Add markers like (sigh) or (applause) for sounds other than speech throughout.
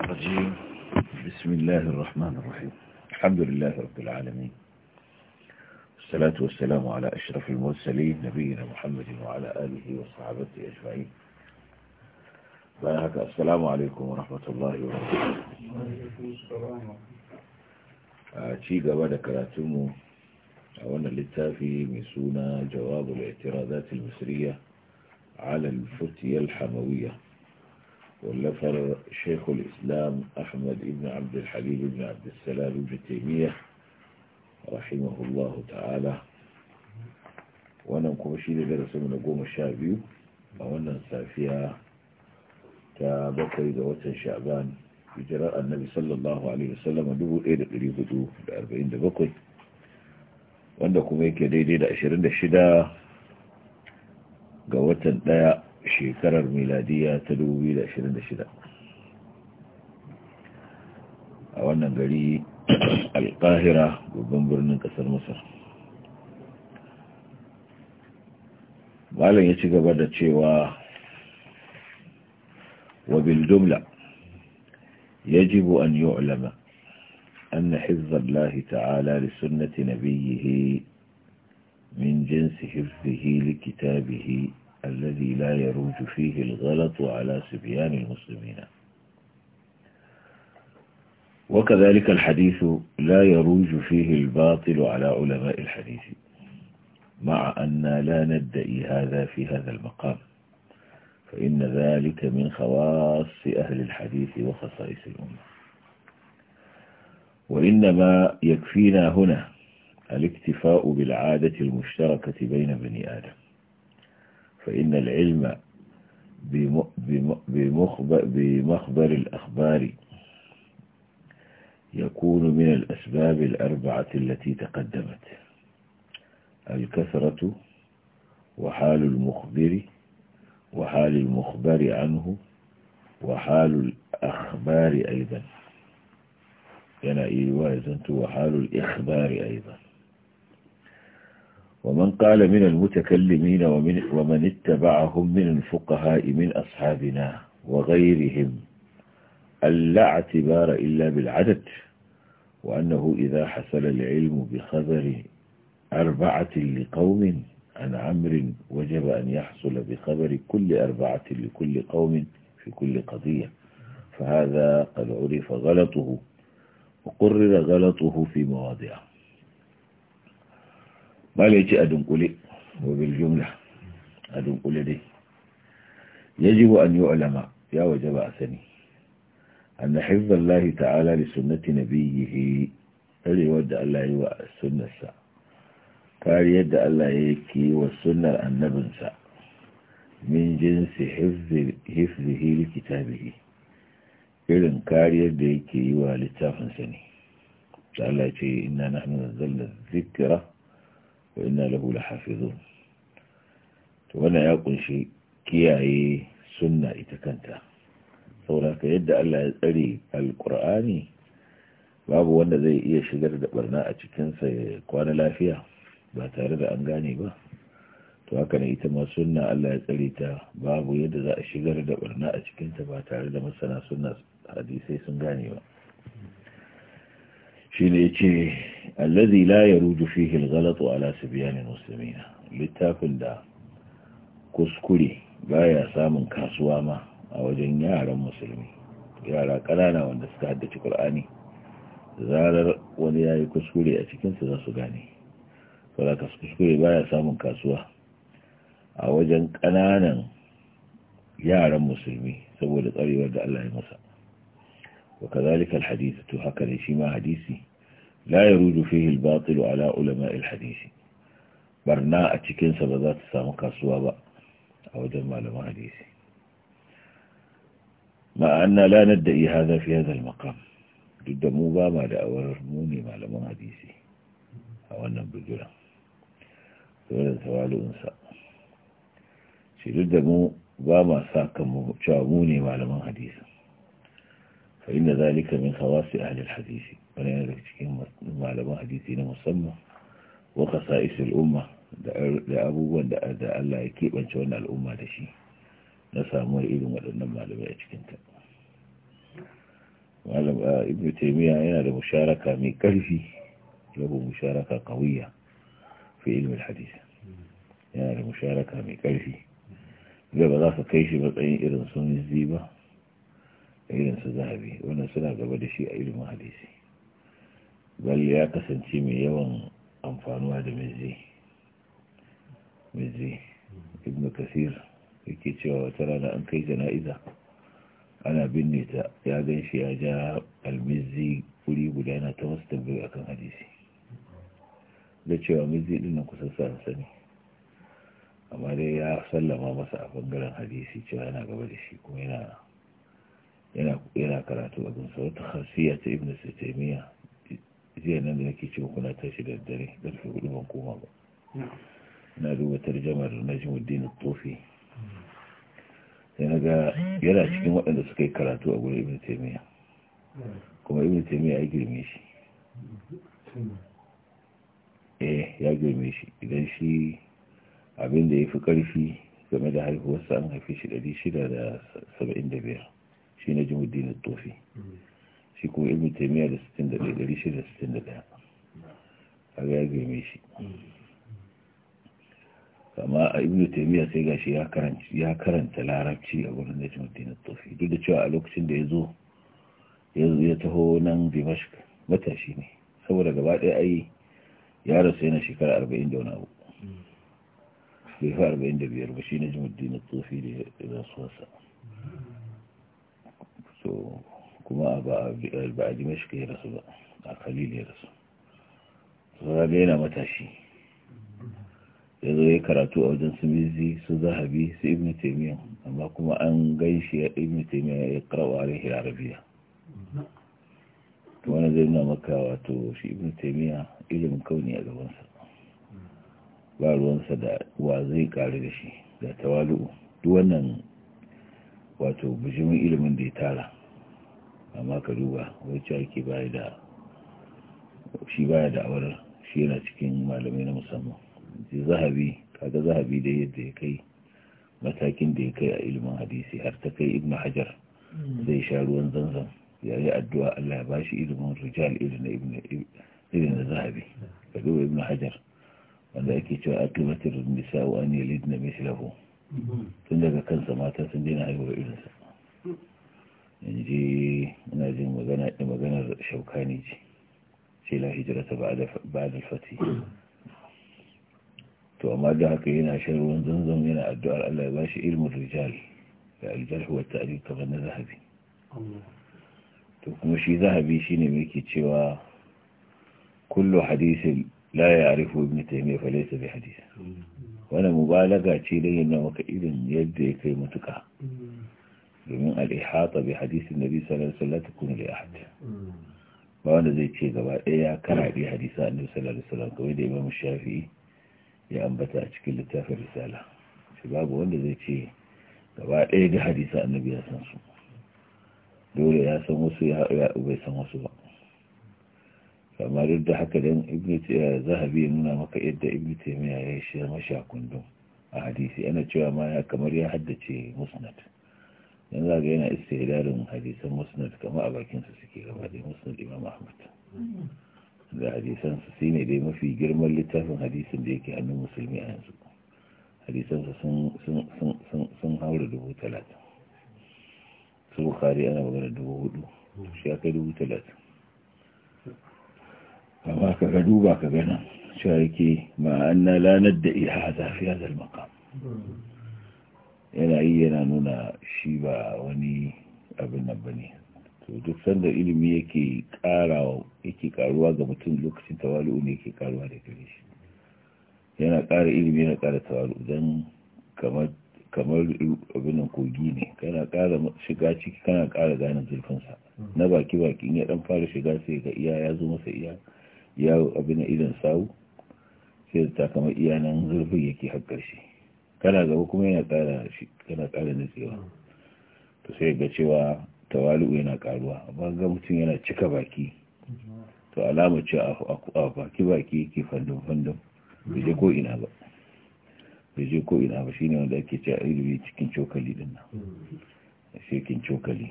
الرجيم بسم الله الرحمن الرحيم الحمد لله رب العالمين والصلاة والسلام على أشرف المرسلين نبينا محمد وعلى آله وصحابته أجمعين بارك السلام عليكم ورحمة الله وبركاته ci gaba da أولا a wannan جواب الاعتراضات المصرية على الفتية الحموية واللفر شيخ الإسلام أحمد بن عبد الحليم بن عبد السلام بن تيمية رحمه الله تعالى wannan kuma shi ne darasinmu na goma sha biyu a wannan safiya ta bakwai ga watan sha'ban hijirar annabi sallallahu alaihi wasallama 1447 wanda kuma yake daidai da 26 ga watan ɗaya. شيكرر ميلادية تلوي لا شيء لا شيء لا أولنا القاهرة وبنبر من كسر مصر وعلى يشيك بعد شيء و وبالجملة يجب أن يعلم أن حفظ الله تعالى لسنة نبيه من جنس حفظه لكتابه الذي لا يروج فيه الغلط على سبيان المسلمين وكذلك الحديث لا يروج فيه الباطل على علماء الحديث مع أن لا ندعي هذا في هذا المقام فإن ذلك من خواص أهل الحديث وخصائص الأمة وإنما يكفينا هنا الاكتفاء بالعادة المشتركة بين بني آدم فإن العلم بمخبر الأخبار يكون من الأسباب الأربعة التي تقدمت الكثرة وحال المخبر وحال المخبر عنه وحال الأخبار أيضا يعني إيوازنت وحال الإخبار أيضا ومن قال من المتكلمين ومن, ومن اتبعهم من الفقهاء من أصحابنا وغيرهم ألا اعتبار إلا بالعدد وأنه إذا حصل العلم بخبر أربعة لقوم عن عمر وجب أن يحصل بخبر كل أربعة لكل قوم في كل قضية فهذا قد عرف غلطه وقرر غلطه في مواضعه bala ya ce a dunkule wa bil jumla a dunkule dai yajibu an yu'lama ya wajaba a sani أن حفظ الله تعالى لسنة نبيه أري ود الله يوى السنة سا كاري يد الله يكي والسنة النبن سا من جنس حفظ حفظه لكتابه إذن كاري يد يكي يوى لتافن سني تعالى إنا نحن نزلنا الذكرى wa inna lahu lahafizun to wannan ya kunshi kiyaye sunna ita kanta saboda yadda Allah ya tsare alƙur'ani babu wanda zai iya shigar da barna a cikinsa ya kwana lafiya ba tare da an gane ba to haka ne ita ma sunna Allah ya tsare ta babu yadda za a shigar da barna a cikinta ba tare da masana sunna hadisai sun gane ba shine yace allazi la ya ruju al-ghalat ala sibyan muslimina littafin da kuskure baya samun kasuwa ma a wajen yaran musulmi yara kanana wanda suka haddace Kur'ani. zarar wani ya yi kuskure a cikinsu za su gane saboda kuskure baya samun kasuwa a wajen ƙananan yaran musulmi saboda tsarewar da Allah ya masa wa kazalika to haka ne shi ma hadisi لا يروج فيه الباطل على علماء الحديث برنا أتكين سبذات سامكا سوابا أو دم علماء حديث ما أن لا ندعي هذا في هذا المقام ضد موبا ما دعور موني ما لما حديثي أو أن بجرا سوال سوال أنسى شي ضد مو ba ma sa kan mu cewa mu ne malaman فإن ذلك من خواص أهل الحديث ولأن ذلك تكين معلمة حديثنا مسمى وخصائص الأمة لأبوه دا الله يكيب أن شونا الأمة لشي نسامر إلو مدنا معلمة يتكينتا معلم آه، ابن تيمية هنا لمشاركة من كلفي له مشاركة قوية في علم الحديث هنا لمشاركة من كلفي إذا بذلك كيش بطعين إرنسون الزيبة irin su zahabi wannan suna gaba da shi a ilimin hadisi bal ya kasance mai yawan amfanuwa da mizzi mizzi ibn kasir yake cewa wata rana an kai jana'iza ana binne ta ya gan shi ya ja almizzi wuri guda yana ta wasu tambayi akan hadisi da cewa miji din nan kusan sa sani amma dai ya sallama masa a bangaren hadisi cewa yana gaba da shi kuma yana yana yana karatu a gunsa wata harsiya ta ibn sitemiya jiya nan da nake cewa kuna tashi da dare karfe hudu ban koma ba na duba tarjamar najimuddin tofi sai na ga yana cikin waɗanda suka yi karatu a gudun ibn taimiyya kuma ibn taimiyya ya girme shi eh ya girme shi idan shi abinda ya fi ƙarfi game da haihuwarsa an haifi shi 675 shi ne jimuddin tofi shi kuma ibn taimiyya da 61,661 a ya girme shi kama a ibn taimiyya sai gashi ya karanta larabci a wurin da jimuddin tofi duk da cewa a lokacin da ya zo ya taho nan dimashq matashi ne saboda gaba ɗaya yi ya rasu yana shekara arba'in da wani abu bai fi arba'in da biyar ba shi na jimuddin tofi da wasa so kuma ba a dimashika ya rasu ba a kalil ya rasu zaga yana matashi ya zo ya karatu a wajen sumizi su zahabi su ibn taimiyya amma kuma an gaishe ya ibn taimiyya ya karawa arihin arabiya wani zai nuna maka wato shi ibn taimiyya ilimin kauni a gabansa ba ruwansa da wa zai kare da shi da tawalu duk wannan wato bujimin ilimin da ya tara amma ka duba wacce ake baya da shi baya da awar shi yana cikin malamai na musamman ji zahabi kaga zahabi da yadda ya kai matakin da ya kai a ilimin hadisi har ta kai ibn hajar hmm. zai sha ruwan zanzan ya yi addu'a Allah ya ba shi ilimin rijal irin na zahabi ka duba ibn hajar wanda ake cewa akibatar nisa wa an yalid na mislahu hmm. tun daga kansa mata sun daina haihuwar irinsa inji ina jin magana da maganar shaukani ce sai la ta ba da fati to amma da haka yana shan ruwan zanzan yana addu'ar Allah ya ba shi ilmin rijal da aljarhu wa ta'adil kamar na zahabi to kuma shi zahabi shine mai ke cewa kullu hadisi la ya'rifu ibn taymiyyah fa laysa bi hadisi wannan mubalaga ce da yana maka irin yadda ya kai matuka. domin al'ihata bi hadisin nabi sallallahu alaihi wasallam kun li ahad hmm. ba wanda zai ce gaba ɗaya ya karaɗe hadisa annabi sallallahu alaihi wasallam kawai da imam shafi ya ambata a cikin littafin risala shi babu wanda zai ce gaba ɗaya da hadisa nabi ya san su dole ya san wasu ya bai san wasu ba kama duk da haka dan ibnu zahabi ya nuna maka yadda ibnu taymiya ya shi mashakundun a hadisi ana cewa ma ya kamar ya haddace musnad yanzu ga yana istihlalin hadisan musnad kamar a bakin su suke gaba da musnad imam ahmad da hadisan su shine dai mafi girman littafin hadisin da yake hannun musulmi a yanzu hadisan su sun sun sun sun haura dubu talatin su bukari ana magana dubu hudu shi aka dubu talatin amma ka ga duba ka gana shi yake ma'anna lanar da iya zafi a makam yana yi yana nuna shi ba wani abin nan ba ne to duk sanda ilimi yake yake karuwa ga mutum lokacin tawali'u ne yake karuwa da gare shi yana kara ilimi yana kara tawali'u don kamar kamar abin kogi ne kana kara shiga ciki kana kara gane zurfinsa na baki baki ya dan fara shiga sai ga iya ya zo masa iya ya abin idan sau sai ta kamar iya nan zurfin yake har karshe kana zama kuma yana ƙara shi kana ƙara cewa hmm. to sai ga cewa tawali'u yana karuwa amma ga mutum yana cika baki to alama ce a baki baki yake fandon fandon bai je hmm. ko ina ba bai je ko ina ba shine wanda ake cewa ilimi cikin cokali din nan hmm. shekin cokali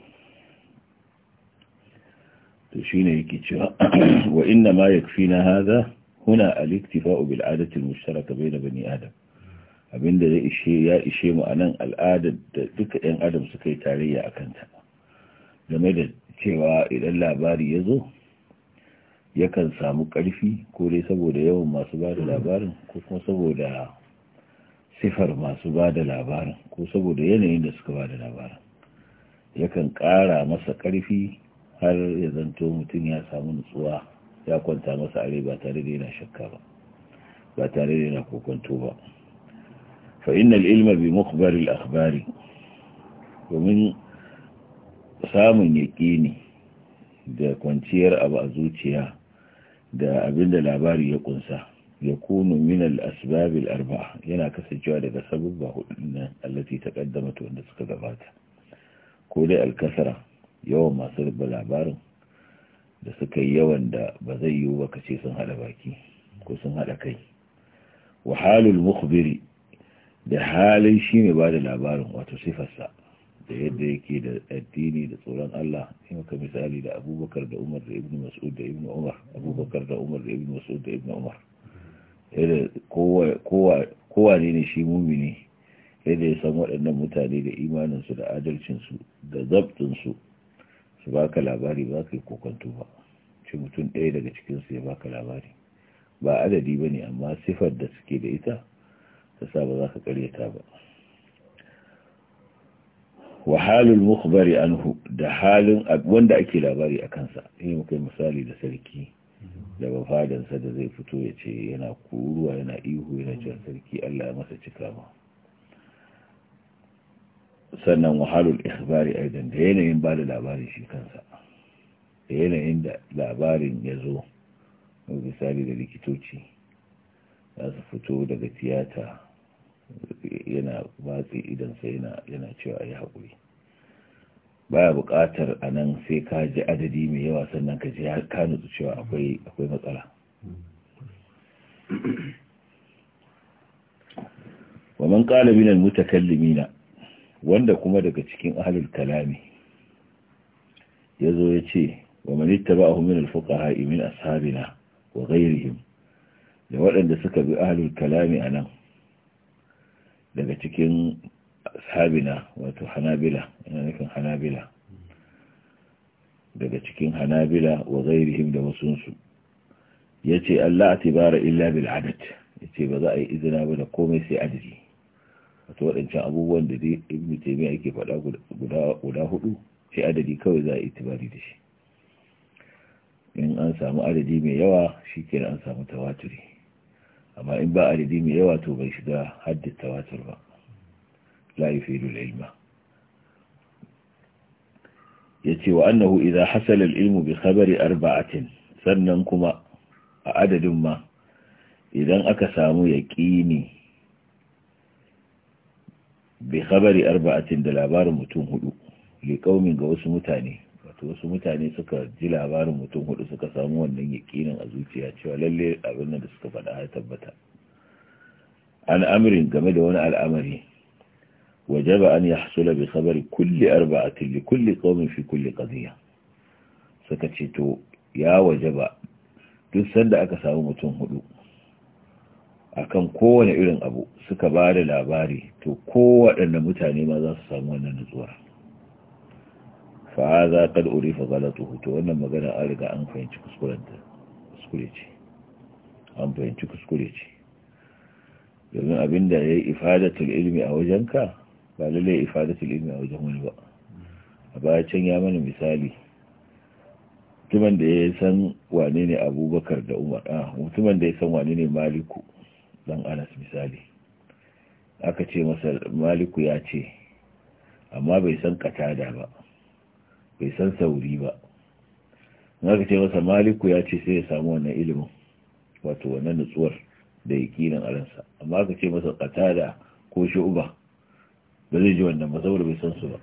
to shine yake cewa (clears throat) wa inna ma yakfina hadha huna al-iktifa'u bil 'adati al-mushtaraka bayna bani adam abinda zai ishe ya ishe mu anan al'ada da duka ɗan adam suka yi tarayya a kanta game da cewa idan labari ya zo yakan samu ƙarfi ko dai saboda yawan masu ba da labarin ko kuma saboda sifar masu ba da labarin ko saboda yanayin da suka ba da labarin yakan ƙara masa ƙarfi har ya zanto mutum ya samu nutsuwa ya kwanta masa are ba tare da yana shakka ba ba tare da yana kokonto ba fa innal ilma bi mukhbaril akhbari domin samun yaƙini da kwanciyar abu a zuciya da abinda labari ya kunsa ya kunu min al-asbabil arba'a yana kasancewa daga sababba hudun ta allati taqaddamat wanda suka gabata ko dai al-kasara yawan masu rubuta labarin da suka yi yawan da ba zai yiwu ba kace sun hada baki ko sun hada kai wa halul mukhbiri da halin shi ne ba da labarin wato sifarsa da yadda yake da addini da tsoron Allah in ka misali da abubakar da umar da ibn mas'ud da ibn umar abubakar da umar da ibn mas'ud da ibn umar yadda kowa ne ne shi mumini yadda ya san waɗannan mutane da imaninsu da adalcinsu da zabtinsu su baka labari ba ka yi kokonto ba ce mutum ɗaya daga cikinsu ya baka labari ba adadi ba ne amma sifar da suke da ita ta sa ba za ka karyata ba wa halin mukhbari anhu da halin wanda ake labari a kansa ne muka misali da sarki da bafadansa da zai fito ya ce yana kuruwa yana ihu yana cewa sarki Allah ya masa cika ba sannan wahalul ikhbari aidan da yanayin ba da labarin shi kansa da yanayin da labarin ya zo misali da likitoci za su fito daga tiyata yana batsi idan sai yana cewa ya haƙuri baya buƙatar a nan sai ka ji adadi mai yawa sannan ka ji ka nutsu cewa akwai matsala wa man qala mutakallimina wanda kuma daga cikin ahlul kalami yazo yace wa man ittaba'ahu min al imin min ashabina wa ghayrihim da waɗanda suka bi ahlul kalami nan. daga cikin sabina wato hanabila yana nufin hanabila daga cikin hanabila wa zairihim da wasunsu ya ce Allah a tibara illa bil adad ya ce ba za a yi izina ba da komai sai adadi wato waɗancan abubuwan da dai ibn taymiya ake faɗa guda hudu sai adadi kawai za a yi tibari da shi in an samu adadi mai yawa shi an samu tawaturi amma in ba adadi mai yawa to bai shiga haddin tawatur ba la yufidu ilma yace wa annahu idan hasala ilmu bi khabari arba'atin sannan kuma a adadin ma idan aka samu yaƙini bi khabari arba'atin da labarin mutum hudu li qaumin ga wasu mutane wato wasu mutane suka ji labarin mutum hudu suka samu wannan yakinin a zuciya cewa lalle abin da suka faɗa ya tabbata an game da wani al'amari wajaba an bai bi kulle arba a tilli kulle tsomin fi kulle qadiyya suka ce to ya wajaba duk sanda aka samu mutum hudu akan kowane irin abu suka ba da labari to kowaɗanda mutane ma za su samu wannan nutsuwar fa’aza za kad urifa galatuhu to wannan magana an riga an fahimci kuskurenta kuskure ce an fahimci kuskure ce domin abinda ya yi ifadatul ilmi a wajenka ba lalle ifadatul ilmi a wajen wani ba a baya can ya mana misali mutumin da ya san wane ne abubakar da umar a mutumin da ya san wane ne maliku dan anas misali aka ce masa maliku ya ce amma bai san katada ba bai san sauri ba na ka ce masa maliku ya ce sai ya samu wannan ilimin wato wannan nutsuwar da ya kinan a ransa amma ka ce masa katada ko Shu'uba ba zai ji wannan ba saboda bai san su ba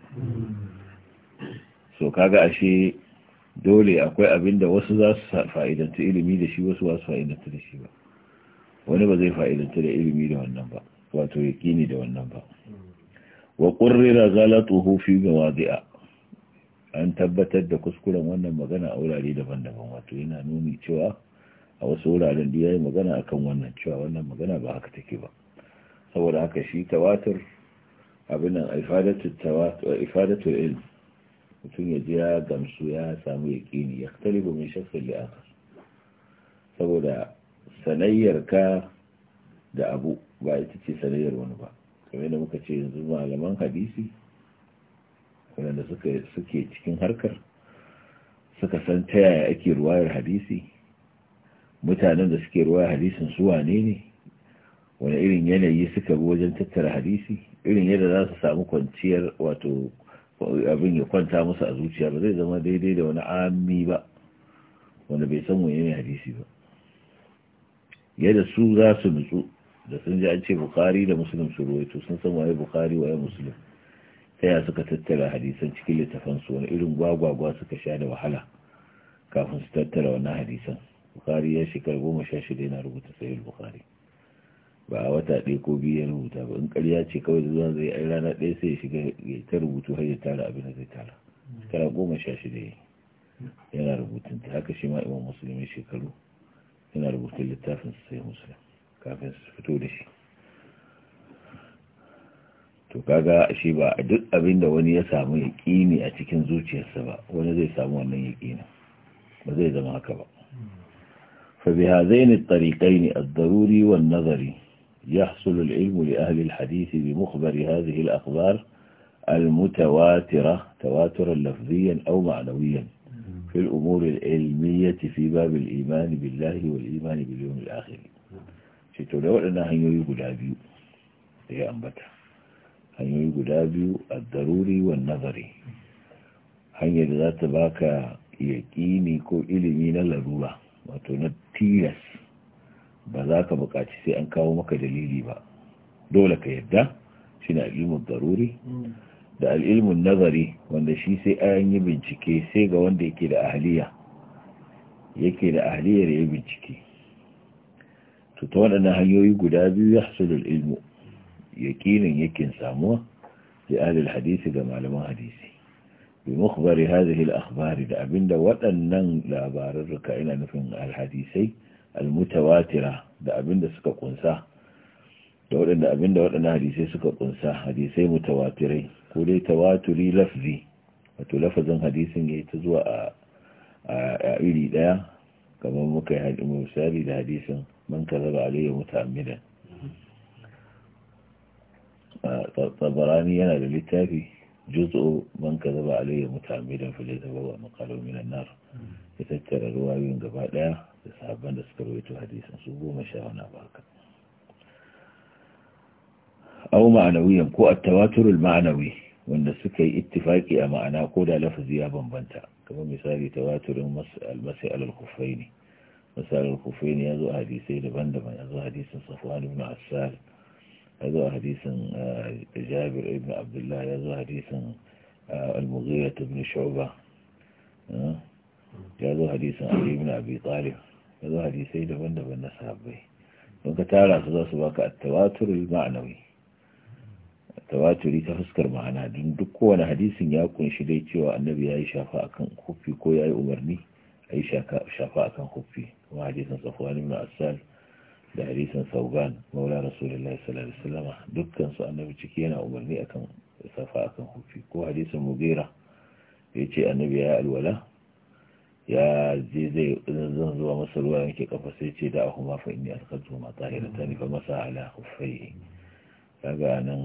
so kaga ashe dole akwai abin da wasu za su fa'idanta ilimi da shi wasu wasu fa'idanta da shi ba wani ba zai fa'idanta da ilimi da wannan ba wato yakini da wannan ba wa qurrira ghalatuhu fi mawadi'a an tabbatar da kuskuren wannan magana a wurare daban-daban wato yana nuni cewa a wasu wuraren da yi magana akan wannan cewa wannan magana ba haka take ba saboda haka shi tawatur abin nan ifadatu ilm mutum ya ji ya gamsu ya samu yaqini yaktalibu min mai li akhar saboda sanayyar ka da abu ba ita ce sanayyar wani ba kamar da muka ce yanzu malaman hadisi waɗanda suke cikin harkar suka san ta yaya ake ruwayar hadisi mutanen da suke ruwayar hadisin su wane ne wani irin yanayi suka bi wajen tattara hadisi irin yadda za su samu kwanciyar wato abin ya kwanta musu a zuciya ba zai zama daidai da wani ami ba wanda bai san wani yanayi hadisi ba yadda su za su nutsu da sun ji an ce bukari da musulun su ruwaito sun san waye bukari waye musulun daya suka tattara hadisan cikin su wani irin gwagwagwa suka sha da wahala kafin su tattara wannan hadisan bukari ya shekar goma sha shida yana rubuta sayar bukari ba a wata ɗaya ko biyu ya rubuta ba in ƙarya ce kawai zuwa zai ai rana ɗaya sai ya shiga ya ta rubutu har ya tara abin da zai tara shekara goma sha shida yana rubutun ta haka shi ma imam musulmi shekaru yana rubutun littafin su sai musulmi kafin su fito da shi to kaga shi ba duk abin da wani ya samu yaƙini a cikin zuciyarsa ba wani zai samu wannan yaƙini ba zai zama haka ba fa bi hazaini at-tariqaini ad-daruri wan nazari يحصل العلم لأهل الحديث بمخبر هذه الأخبار المتواترة تواترا لفظيا أو معنويا في الأمور العلمية في باب الإيمان بالله والإيمان باليوم الآخر شتولو لنا هنيو يقول أبيو هي أنبتها hanyoyi guda biyu a daruri wa nazari hanyar da za ta baka yaƙini ko ilimi na larura wato na tilas ba za ka buƙaci sai an kawo maka dalili ba dole ka yadda shi na ilimin daruri da al'ilmin nazari wanda shi sai an yi bincike sai ga wanda yake da ahaliya yake da ahaliyar ya bincike to ta waɗannan hanyoyi guda biyu ya hasu da ilmu yakinin yakin samuwa li ahlil hadisi ga malaman hadisi bi mukhbari hadhihi al-akhbari da abinda waɗannan labaran ruka nufin al-hadisai al-mutawatira da abinda suka hadisai suka kunsa hadisai mutawatirai ko dai tawaturi lafazi wato lafazin hadisin yayi ta zuwa a iri daya kamar muka yi misali da hadisin man kazaba alayhi muta'ammidan tsabarani yana da littafi juz'u man kazaba alayya mutamidan fa jazaba wa maqalu minan nar ya tattara ruwayoyin gaba daya da sabon da suka rawaito hadisin su goma sha wani barka aw ma'anawiyan ko at-tawatur maanawi wanda suka yi ittifaki a ma'ana ko da lafazi ya bambanta kamar misali tawaturin al-mas'al al-khuffaini mas'al al-khuffaini yazo daban-daban yazo hadisin safwan ibn asal ya zo hadisin eh, jabir ibn abdullah ya zo hadisin eh, al-mughira ibn shu'ba eh, ya zo hadisin ali ibn abi talib ya zo hadisai daban-daban na sahabbai don ka tara su za su baka at-tawatur al-ma'nawi tawaturi ta fuskar ma'ana don duk kowane hadisin ya kunshi dai cewa annabi ya yi shafa akan kofi ko ya yi umarni a yi shafa akan kofi kuma hadisin safwan ibn asal da hadisin saugan maula rasulullahi sallallahu alaihi wasallam dukkan su annabi ciki yana umarni akan safa akan hufi ko hadisin mugira yace annabi ya alwala ya je zai zan zuwa masa ruwa yanke kafa sai ce da ahu ma fa inni alqatu ma tahiratan fa masa ala khuffai kaga nan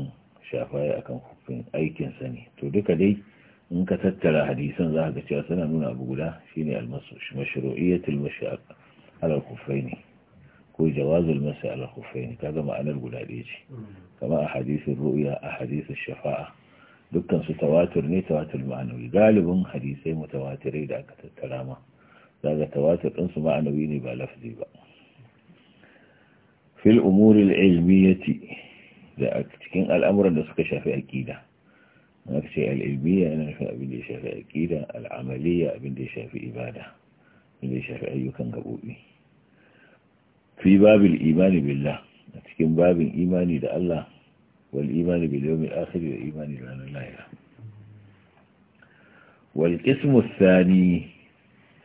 shafaye akan hufin aikin sa ne to duka dai in ka tattara hadisan za ka cewa suna nuna abu guda shine almasu mashru'iyatul mashaq ala khuffai ne كو جواز المساء على كذا ما أنا أقول عليه كما أحاديث الرؤيا أحاديث الشفاعة دكتور ستواتر ني تواتر معنوي غالبا حديثي متواتري إذا كنت هذا تواتر أنس معنوي نبا لفظي بقى. في الأمور العلمية لكن الأمر أن نسك شافي أكيدا نكسي العلمية أنا نفع بني شافي أكيدا العملية بني شافي إبادة بني شافي أيو قبولي fi babin imani billah a cikin babin imani da Allah wal imani bil yawmil akhir da imani ranar lahira wal qismu thani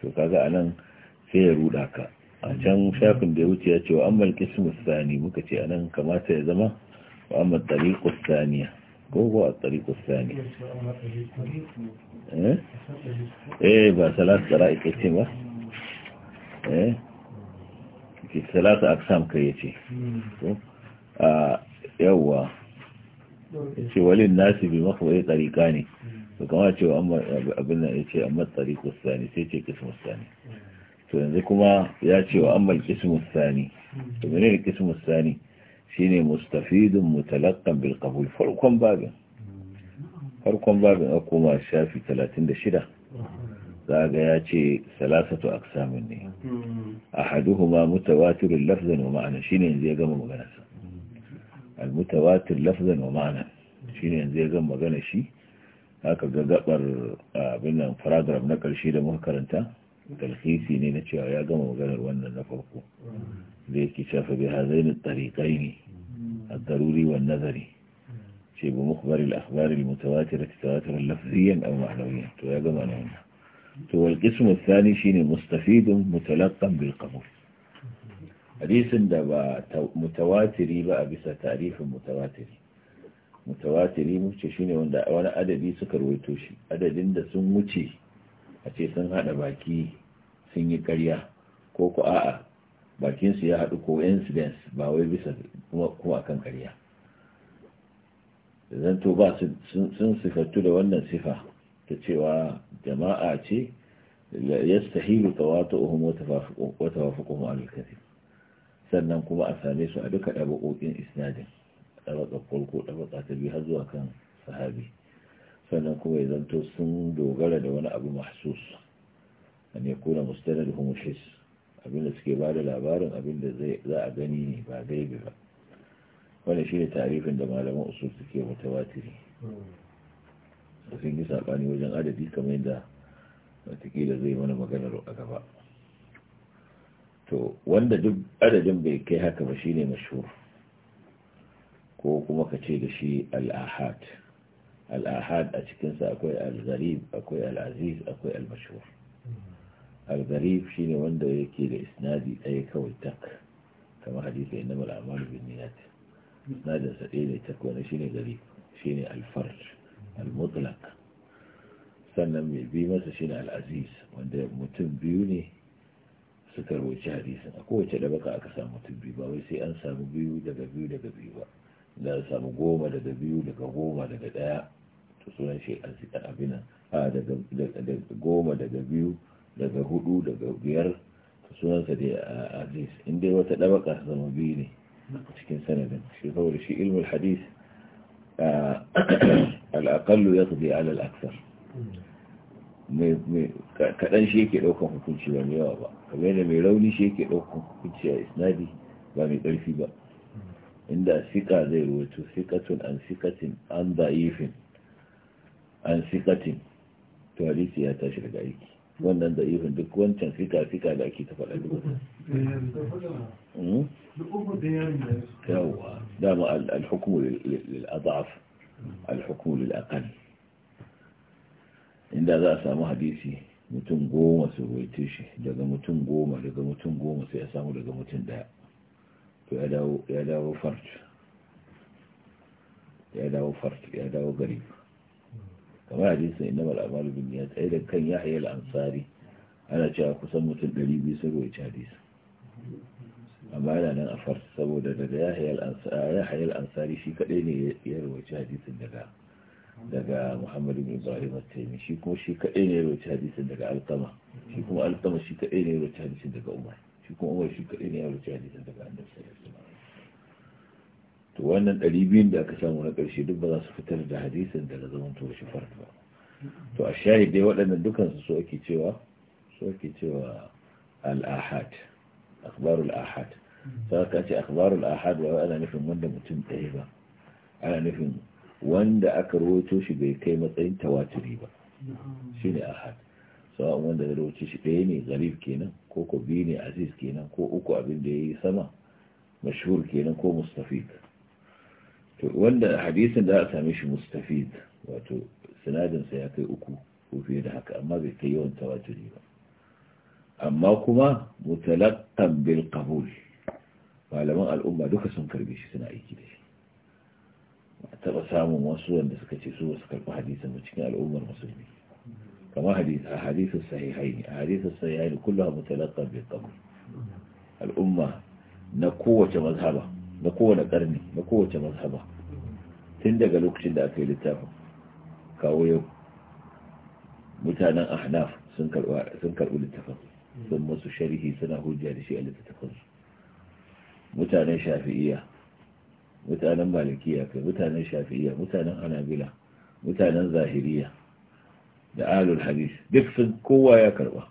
to kaga anan sai ya ruda ka a can shafin da ya wuce ya ce wa amma al-qismu thani muka ce anan kamata ya zama wa amma tariqu thaniya ko ko at-tariqu thani eh eh ba salat tara'iq ce ba eh ce salatu aksam kai yace hmm. a yawa yace walin nasi bi makhwai tsarika ne to kama ce amma abin nan yace amma tariqu sani sai ce kismus sani to yanzu kuma ya ce wa amma kismus sani to menene kismus sani shine mustafidun mutalakkan bilkabul farkon babin farkon babin akoma shafi 36 kaga ya ce salasatu aksamin ne hmm. ahaduhuma mutawatirul lafzan wa ma'ana ne yanzu ya gama magana sa al mutawatir lafzan wa ma'ana ne yanzu ya gama maganar shi haka ga gabar abin nan paragraph na karshe da muka karanta talhisi ne na cewa ya gama maganar wannan na farko da yake shafa bi hazain tariqai ne ad-daruri wan nazari ce bi mukhbar al-akhbar al-mutawatirah tawatiran lafziyan aw ma'nawiyan to ya gama nan to wal qismu thani shine mustafidun mutalaqqan bil qabul hadisin da ba mutawatiri ba a bisa tarifin mutawatiri mutawatiri ce shine wanda wani adadi suka ruwaito shi adadin da sun wuce a ce sun hada baki sun yi ƙarya ko ku a'a bakin su ya haɗu ko incidents ba wai bisa kuma kan ƙarya zan to ba sun sifattu da wannan sifa da cewa jama'a ce yastahilu tawatu'uhum wa tawafuquhum al kadhib sannan kuma a same su a duka ɗabaƙoƙin isnadin ɗabaƙa farko ɗabaƙa ta biyu har zuwa kan sahabi sannan kuma ya zanto sun dogara da wani abu mahsus an ya kuna mustanar humushis abinda suke ba da labarin abin abinda za a gani ne ba daidai ba wani shi ne tarifin da malaman usul suke mutawatiri da sun yi saɓani wajen adadi kamar yadda watakila zai mana maganar a gaba to wanda duk adadin bai kai haka ba shine mashur ko kuma ka ce da shi al'ahad. Al'ahad a cikinsa akwai al-gharib akwai al-aziz akwai al-mashhur al shine wanda yake da isnadi ɗaya kawai tak kamar hadisi mara a'malu bin niyyat Na sa ɗaya ne tak wani shine zarif, shine al al-mutlaq sannan mai bi masa shi ne al-aziz wanda mutum biyu ne suka rawaci hadisin a kowace ɗabaka aka samu mutum biyu ba wai sai an samu biyu daga biyu daga biyu ba da samu goma daga biyu daga goma daga ɗaya to sunan shi an abin a daga goma daga biyu daga hudu daga biyar to sunansa dai aziz in dai wata ɗabaka zama biyu ne cikin sanadin shi saboda shi ilmul hadis al'aƙallu ya alal aksar kaɗan shi yake ɗaukan hukunci ba mai yawa ba kamar yadda mai rauni shi yake ɗaukan hukunci a isnadi ba mai ƙarfi ba inda sika zai rubutu sikatun an sikatin an da'ifin an sikatin to hadisi ya tashi daga aiki wannan da ihun duk wancan fika-fika da ake ta faɗa duk yawa dama alhukumu lil'adaf alhukumu aqal. inda za a samu hadisi mutum goma su ruwaito shi daga mutum goma daga mutum goma sai ya samu daga mutum daya to ya dawo farj ya dawo farj ya dawo garib kamar hadisin innamal a'malu binniyat sai da kan Yahya al-Ansari ana cewa kusan mutum 200 sun rawaita hadisi amma yana nan a fars saboda daga Yahya al-Ansari shi kadai ne ya rawaita hadisin daga daga Muhammad ibn Ibrahim al-Taymi shi kuma shi kadai ne ya rawaita hadisin daga Alqama shi kuma Alqama shi kadai ne ya rawaita hadisin daga Umar shi kuma Umar shi kadai ne ya rawaita hadisin daga Annabi sallallahu alaihi wasallam to wannan ɗari biyun da aka samu na ƙarshe duk ba za su fitar da hadisin daga zaman to shi fard ba to a shahid dai waɗannan dukansu su ake cewa su ake cewa al-ahad akhbarul ahad sai ka ce akhbarul ahad ba ana nufin wanda mutum ɗaya ba ana nufin wanda aka rawaito shi bai kai matsayin tawaturi ba shine ahad Sawa wanda ya rawaito shi ɗaya ne garib kenan ko ko biyu ne aziz kenan ko uku abin da yayi sama mashhur kenan ko mustafid to wanda hadisin da a same shi mustafid wato sinadinsa ya kai uku ko fiye da haka amma bai kai yawan tawaturi ba amma kuma mutalaqqan bil qabul malaman al'umma duka sun karbe shi suna aiki da shi taba samun wasu wanda suka ce su wasu karbi hadisin cikin al'ummar musulmi كما a أحاديث الصحيحين أحاديث الصحيحين كلها na بالقبول الأمة نقوة مذهبة na kowane karni na kowace mazhaba tun daga lokacin da aka yi littafin kawo yau mutanen ahnaf sun karɓi littafin sun masu sharihi suna hujja da shi a littattafansu mutanen shafi'iya mutanen malikiya kai mutanen shafi'iya mutanen anabila mutanen zahiriya da alul hadis duk sun kowa ya karɓa.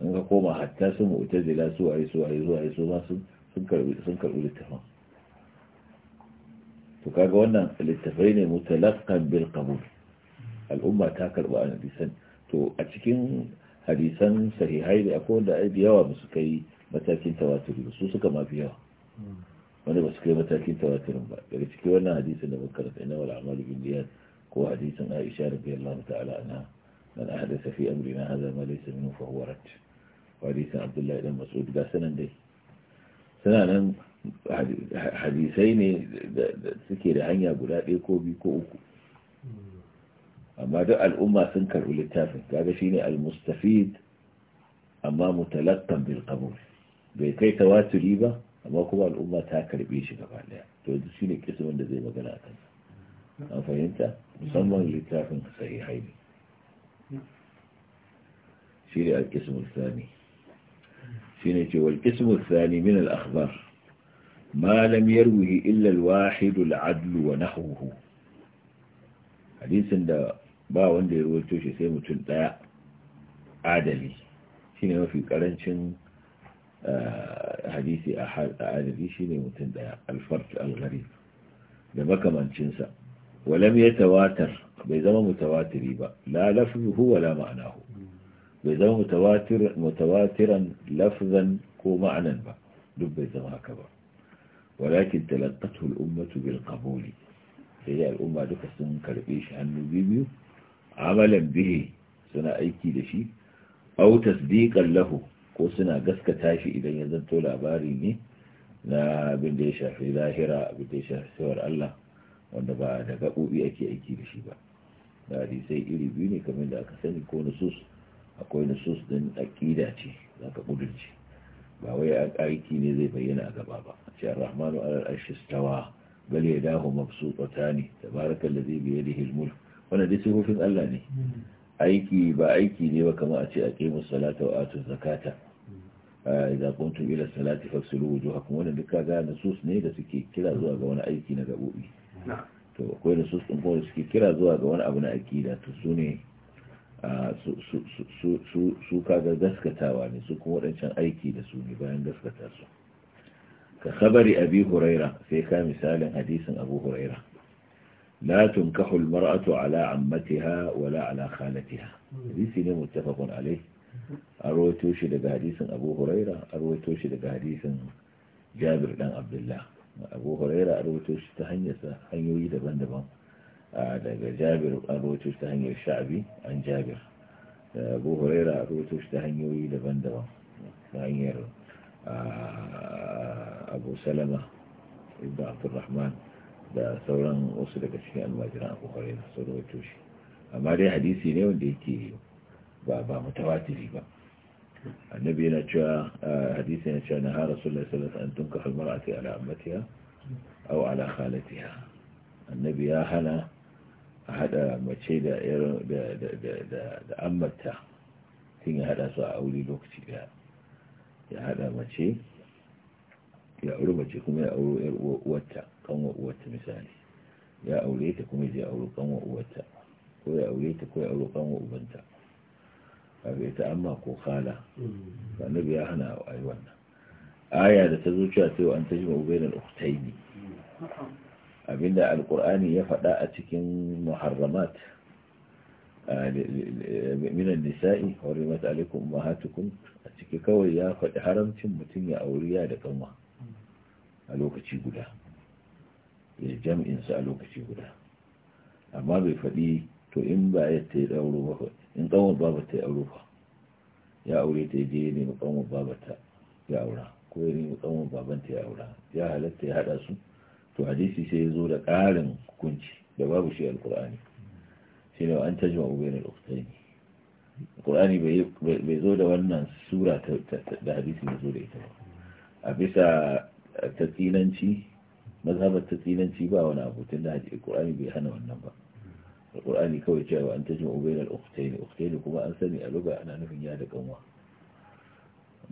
An ga koma hatta sun mu'tazila su ayi su yi su ayi su ma sun karbi sun karbi littafin فكما أن الاتفاقين متلقا بالقبول الأمة تاكل بأن حديثا تو أتكين حديثا صحيحي لأكون لا يبيعوا بسكي متاكين تواتري بسوسة كما بيعوا وانا بسكي متاكين تواتري يعني تكي وانا حديثا نبكر فإن والعمال بالنيات هو حديثا عائشة ربي الله تعالى أنها من أحدث في أمرنا هذا ما ليس منه فهو رج وحديثا عبد الله إلى المسعود قاسنا دي سنانا hadisai ne da suke da hanya guda ɗaya ko biyu ko uku amma duk al'umma sun karɓi littafin kaga shine al-mustafid amma mutalaqqan bil qabul bai kai tawaturi ba amma kuma al'umma ta karɓe shi gaba ɗaya to duk shine kismin da zai magana a kansa an fahimta musamman littafin sahihai ne shi ne al-kismul thani shine ce wal kismul thani min al-akhbar ما لم يروه إلا الواحد العدل ونحوه حديث عند با وند يروتو شي سي متون عدلي شنو في قرنشن آه، حديث احد عدلي شنو متون دايا الفرق الغريب ده ما كمان شنسا ولم يتواتر بيزما متواتر يبا لا لفظ هو لا معناه بيزما متواتر متواترا لفظا ومعنى با دب بيزما كبر walakin talaqqathu ummatu bil qabuli sai al'umma duka sun karbe shi hannu biyu amalan bihi suna aiki da shi aw lahu ko suna gaskata shi idan ya zanto labari ne na abin da ya shafi lahira abin da ya shafi sawar Allah wanda ba da gaɓoɓi ake aiki da shi ba da hadisai iri biyu ne kamar da aka sani ko nusus akwai nusus din aƙida ce za ka ƙudurce ba wai aiki ne zai bayyana a gaba ba shi ar-rahmanu ala al-arshi stawa bal yadahu mabsuutatan tabaraka allazi bi yadihi al-mulk wannan dai Allah ne aiki ba aiki ne ba kamar a ce a kai salata wa atu zakata ah, idan kuntum ila salati fasilu wujuhakum wannan duka ga nusus ne da suke kira zuwa ga wani aiki na gabobi to akwai nusus din ko suke kira zuwa ga wani abu na aqida to sune su kaga gaskatawa ne su kuma waɗancan aiki da su ne bayan gaskata su ka khabari abi huraira sai ka misalin hadisin abu huraira la tunkahu almar'atu ala ammatiha wala ala khalatiha hadisi ne muttafaqun alayh arwato shi daga hadisin abu huraira shi daga hadisin jabir dan abdullah abu huraira arwato shi ta hanyar hanyoyi daban-daban daga jabir an roto ta hanyar sha'abi an jabir da abu huraira roto ta hanyoyi daban-daban ta hanyar abu salama ibn abdurrahman da sauran wasu daga cikin almajiran abu huraira sun roto shi amma dai hadisi ne wanda yake ba ba mutawatiri ba annabi yana cewa hadisi yana cewa na har rasulullahi sallallahu alaihi wasallam an tunka halmarati ala ammatiha aw ala khalatiha annabi ya hana a haɗa mace da da ammata sun ya haɗa su a aure lokaci da ya haɗa mace ya auri mace kuma ya auri yar uwarta kanwa uwarta misali ya aure ta kuma ya auri kanwa uwarta ko ya aure ta ko ya auri kanwa ubanta bai ta amma ko ba mm. annabi ya hana a yi wannan aya da ta zuciya cewa an tajma ubainal ukhtaini mm. abinda alkur'ani ya faɗa a cikin muharramat minan nisa'i harimat alaikum ummahatukum a ciki kawai ya faɗi haramcin mutum ya auriya da kanwa a lokaci guda ya jami'in sa a lokaci guda amma bai faɗi to in ba ya ta yi ɗauro ba in ƙanwar ba ta yi auro ba ya aure ta yi je ne mu kanwar ba ta ya aura ko ya ne mu kanwar baban ta ya aura ya halatta ya haɗa su to hadisi sai ya zo da ƙarin hukunci da babu shi alkur'ani shi ne an tajma ubayin al'uktaini alkur'ani bai zo da wannan sura da hadisi ya zo da ita ba a bisa tatsinanci mazhabar tatsinanci ba wani abu tun da hadisi alkur'ani bai hana wannan ba alkur'ani kawai cewa an tajma ubayin al'uktaini uktaini kuma an sani a lugar ana nufin ya da kanwa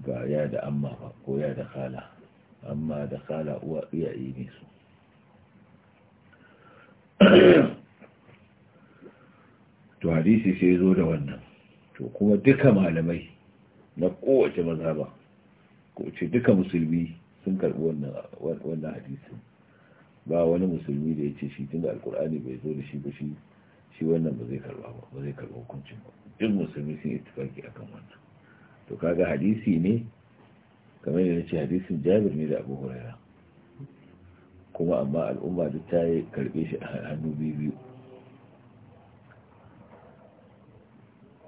ba ya da amma ba ko ya da khala amma da khala uwa iyaye ne su to hadisi sai ya zo da wannan to kuma duka malamai na kowace mazhaba ko ce duka musulmi sun karbi wannan wannan hadisi ba wani musulmi da ya ce shi tunda alkur'ani bai zo da shi ba shi shi wannan ba zai karba ba ba zai karba hukuncin ba duk musulmi sun ittifaki akan wannan to kaga hadisi ne kamar da ce hadisin Jabir ne da Abu Huraira kuma amma al'umma duk ta karbe shi a hannu biyu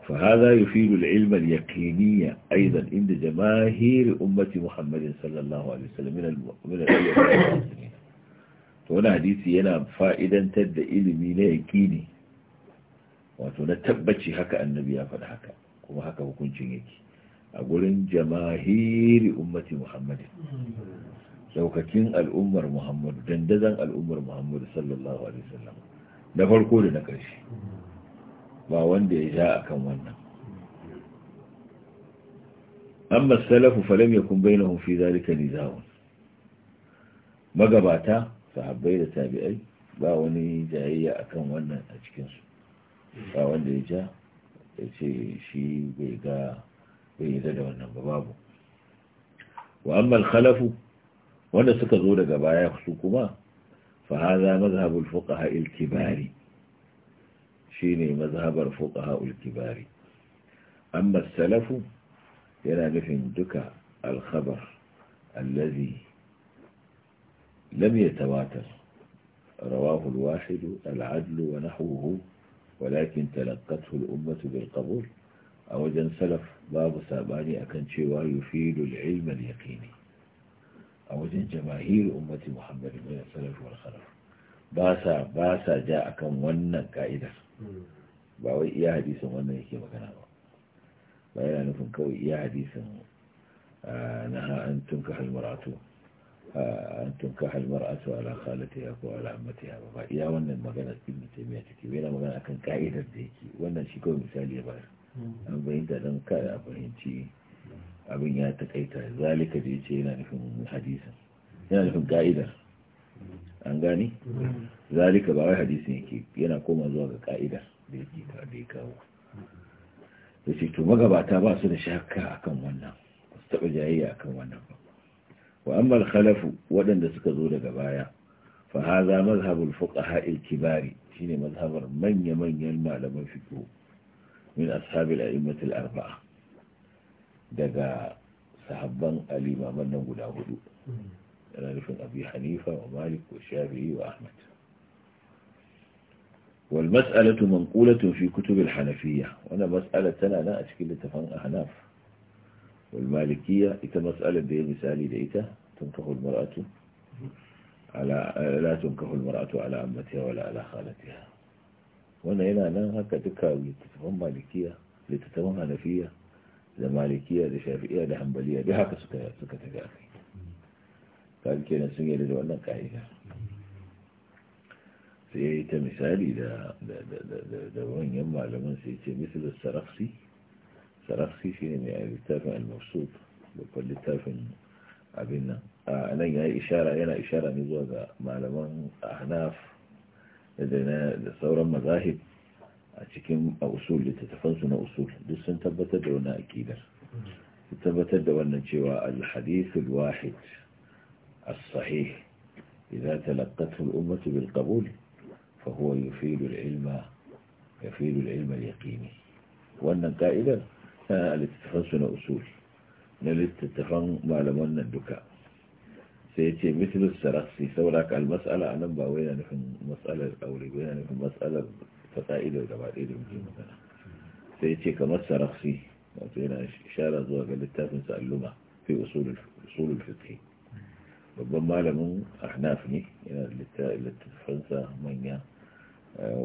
فهذا يفيد العلم اليقيني أيضا عند جماهير أمة محمد صلى الله عليه وسلم من المسلمين تونا حديثي أنا فائدا تد إلمي ليقيني وتونا تبتشي هكا النبي أفد هكا وهكا هكا وكون جنيك أقول جماهير أمة محمد لو كين الأمر محمد جنددا الأمر محمد صلى الله عليه وسلم لا نفر قولنا كرشي ba wanda ya ja akan wannan amma salafu falam yakun bainahum fi zalika nizawun magabata sahabbai da tabi'ai ba wani jayayya akan wannan a cikin su ba wanda ya ja ya ce shi bai ga bai da wannan ba babu wa amma khalafu wanda suka zo daga baya su kuma fa hadha mazhabul fuqaha al-kibari التحسين مذهب الفقهاء الكبار أما السلف ينافي دك الخبر الذي لم يتواتر رواه الواحد العدل ونحوه ولكن تلقته الأمة بالقبول أو سلف باب ساباني أكنشوا يفيد العلم اليقيني أو جماهير أمة محمد من السلف والخلف باسا باسا جاءكم ونكا إذا ba wai iya hadisin wannan yake magana ba ba yana nufin kawai iya hadisin ah, na an tunka halmaratu ah, an tunka halmaratu ala ya ko ala ya ba iya wannan magana ibn taymiya take yana magana akan ka'idar da yake wannan shi kawai misali ya ba hmm. an bayyanta don kada a fahimci abin ya takaita zalika da ce yana nufin hadisin yana nufin ka'idar an gane zalika ba wai hadisin yake yana koma zuwa ga ka'ida da yake ka da ya kawo yace to magabata ba su da shakka akan wannan ba su taba jayayya akan wannan ba wa amma al-khalafu waɗanda suka zo daga baya fa hadha mazhabul fuqaha al-kibari shine mazhabar manya-manyan malaman fiqh min ashabil a'immat al-arba'a daga sahabban al-imaman nan guda hudu تلالف أبي حنيفة ومالك والشافعي وأحمد والمسألة منقولة في كتب الحنفية وأنا مسألة أنا لا أشكل تفهم أحناف والمالكية إذا مسألة دي مثالي ليتها تنكح المرأة على لا تنكح المرأة على عمتها ولا على خالتها وأنا هنا أنا هكذا تفهم مالكية لتتمم حنفية لمالكية لشافئية لحنبلية بحق سكتك يا أخي kaga na sun yarda da wannan ka'ida sai ya yi ta misali da manyan malaman sai ce misali sarafsi sarafsi shi ne mai littafin al-mafsud babban littafin abin nan a nan ya yi ishara yana ishara ne zuwa ga malaman ahnaf da sauran mazahib a cikin a usul littattafansu na usul duk sun tabbatar da wani akidar tabbatar da wannan cewa al-hadithul wahid الصحيح إذا تلقته الأمة بالقبول فهو يفيد العلم يفيد العلم اليقيني والنقائد لتتفصن أصول لتتفن معلمان الدكاء سيتي مثل السرخسي سولاك المسألة أنا باوينا نحن مسألة أو لبينا المسألة مسألة فقائدة لبعد إيد المجيمة سيأتي كما السرخسي وعطينا إشارة زوجة للتافن سألوما في أصول الفقه ربما لم أحنافني للفرنسا مانيا آه،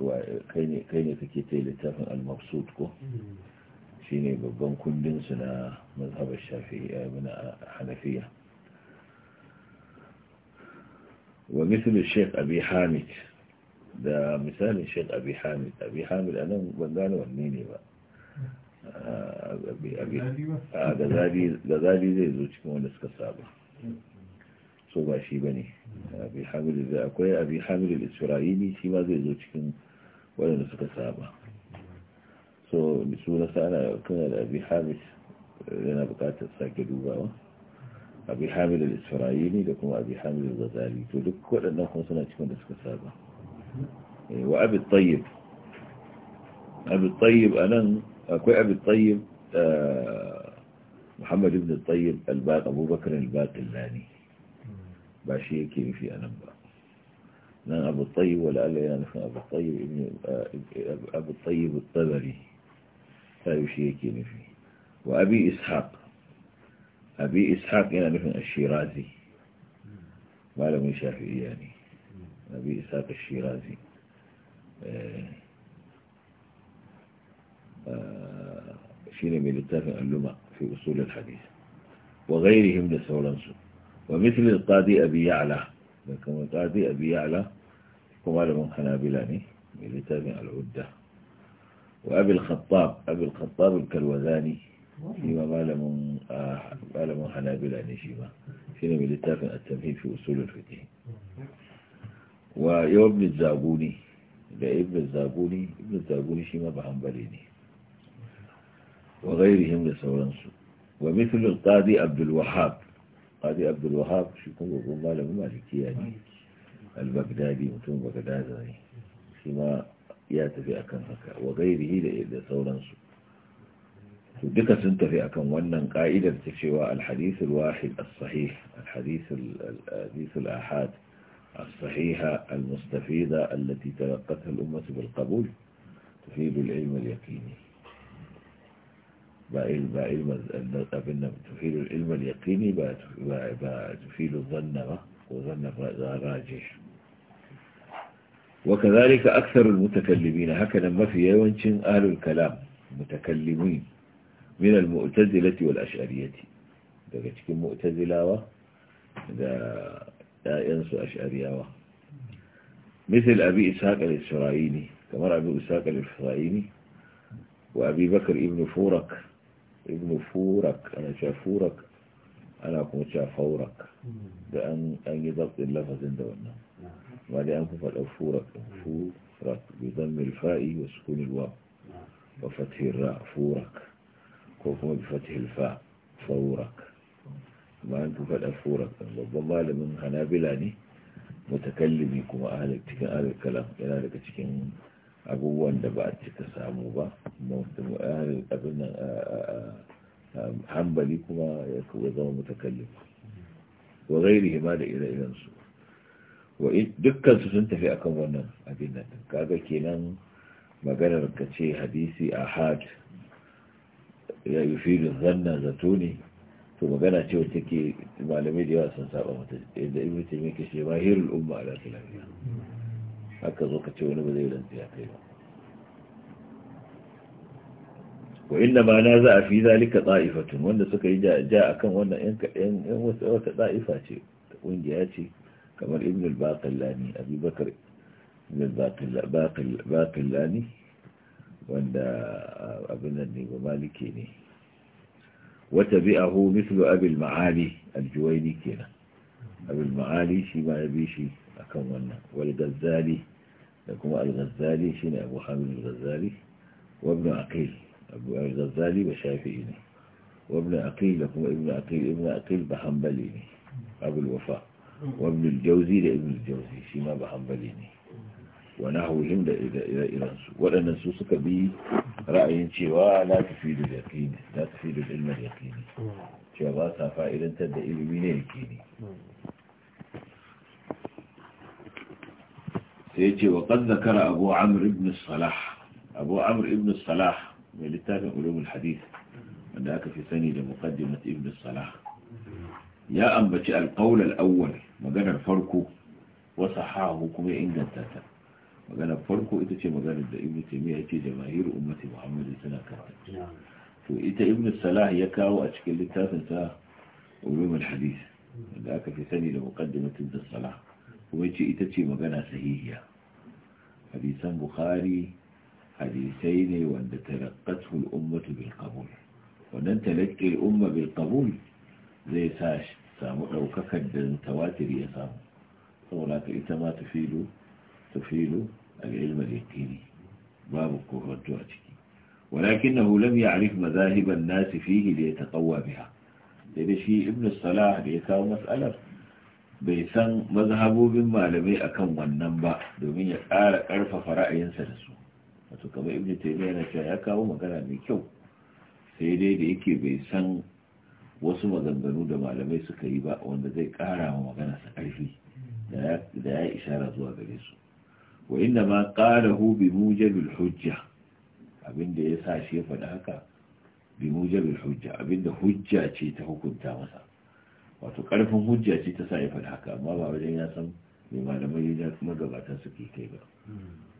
وكين تكيتي لتفن المبسوط كو شيني ببن كل سنة مذهب الشافعي من آه، حنفية ومثل الشيخ أبي حامد ده مثال الشيخ أبي حامد أبي حامد أنا بندان والنيني بقى آه، أبي أبي هذا ذادي ذادي زي زوجك ونسك صعبه صوباشي بني أبي حامل إذا أبي حامل الإسرائيلي شما زي زوجكم ولا نسك سابا سو نسو نسانا كنا أبي حامل لنا بقات الساكة دوبا أبي حامل الإسرائيلي لكم أبي حامل الغزالي تولك كل أنه خمسنا تكون نسك سابا وأبي الطيب أبي الطيب أنا أكوية أبي الطيب محمد بن الطيب الباق أبو بكر الباق اللاني باشي كيف في أنبا نان أبو الطيب ولا ألا ينفن أبو الطيب ابن أبو الطيب الطبري هذا شيء كيف في وأبي إسحاق أبي إسحاق ينفن الشيرازي ما لم يشاف يعني أبي إسحاق الشيرازي شيني من التافن اللمع في أصول الحديث وغيرهم لسولانسون ومثل القاضي أبي يعلى لكن القاضي أبي يعلى هو من حنابلاني من لتابع العدة وأبي الخطاب أبي الخطاب الكلوذاني فيما ما معلم حنابلاني شيما فيما من التمهيد في أصول الفتح وابن الزابوني لابن ابن الزابوني ابن الزابوني شيما بحنبليني وغيرهم لسورنسو ومثل القاضي عبد الوهاب قاضي عبد الوهاب شكون يكون يقول ماله مالكي يعني البغدادي وتون بغدادي فيما ياتي اكن هكا وغيره الى ثورا دكا سنت في اكن ونن قاعده تشيوا الحديث الواحد الصحيح الحديث الحديث الاحاد الصحيحة المستفيدة التي تلقتها الأمة بالقبول تفيد العلم اليقيني بقى علم قبلنا تفيل العلم اليقيني بقى تفيل الظن وظن الراجح وكذلك أكثر المتكلمين هكذا ما في يوانشين أهل الكلام متكلمين من المؤتزلة والأشعرية ده كتكين مؤتزلة ده لا ينسو أشعرية مثل أبي إسحاق الإسرائيلي كما أبي إسحاق الإسرائيلي وأبي بكر ابن فورك ابن أنا شافورك أنا أكون شافورك بأن اي يضبط اللفظ عند ونا ما نعم. لي أنفف الأفورك بضم الفاء وسكون الواء نعم. وفتح الراء فورك كوكما بفتح الفاء فورك ما أنفف فالافورك وبما لمن هنابلاني يعني متكلمي كما أهل اتكا أهل الكلام إلى ذلك اتكا abubuwan da ba cika samu ba eh, abin nan eh, eh, hambali kuma ya kuwa zama mutakallim wa gairi ma da ire su wa dukkansu sun tafi akan wannan abin nan kaga kenan maganar ka ce hadisi ahad ya yi filin zanna zato ne to magana ce wacce ke malamai da yawa sun saba mata inda ibn taymiyyah ce mahirul umma ala salamiya haka zo ka ce wani ba zai rantsuwa kai ba wa inna ma na za a fi zalika tsa'ifatun wanda suka yi ja a kan wannan yan wata tsa'ifa ce ta ƙungiya ce kamar ibn al-baqillani abubakar ibn al-baqillani wanda abinan ne ba malike ne wata bi'ahu mislu abil ma'ali aljuwaini kenan abil ma'ali shi ma ya bi shi أكملنا والغزالي لكم الغزالي شين أبو حامد الغزالي وابن عقيل أبو الغزالي وشافيني وابن عقيل لكم ابن عقيل ابن عقيل بحنبليني أبو الوفاء وابن الجوزي لابن الجوزي شيما بحنبليني ونحوهم إلى إلى إلى ولا ننسوسك سكبي رأي شواء لا تفيد اليقين لا تفيد العلم اليقيني شواء سافا إلى تدعي لمن اليقيني يجي وقد ذكر أبو عمرو بن الصلاح أبو عمرو بن الصلاح من لتابع علوم الحديث عندك في ثاني لمقدمة ابن الصلاح يا أم أنبتي القول الأول مجال الفرق وصحاه كم إنجل ما مجال الفرق إتتي مجال ابن تيمية جماهير أمة محمد سنة كاتا فإت ابن الصلاح يكاو أشكل تاتا علوم الحديث عندك في ثاني لمقدمة ابن الصلاح kuma ce ita ce magana sahihiya hadisan bukhari hadisai ne wanda talaqqatu ummatu bil qabul wannan talaqqi umma bil qabul zai sa samu daukakar da tawatir ya samu saboda ka ita ma tafilu tafilu al-ilm al-yaqini babu kokonto a ciki ولكنه لم يعرف مذاهب الناس فيه ليتقوى بها لذلك شيء ابن الصلاح ليكاو مسألة bai san mazhabobin malamai akan wannan ba domin ya ƙara ƙarfafa ra'ayinsa da su wato kamar ibn taymiya na cewa ya kawo magana mai kyau sai dai da yake bai san wasu maganganu da malamai suka yi ba wanda zai ƙara wa magana sa ƙarfi da ya isara zuwa gare su wa inda ma hu bi mujabil hujja abinda ya sa shi ya faɗi haka bi mujabil hujja abinda hujja ce ta hukunta masa wato karfin hujja ce ta sa ya faɗi haka amma ba wajen ya san mai malamai ya magabatan suke kai ba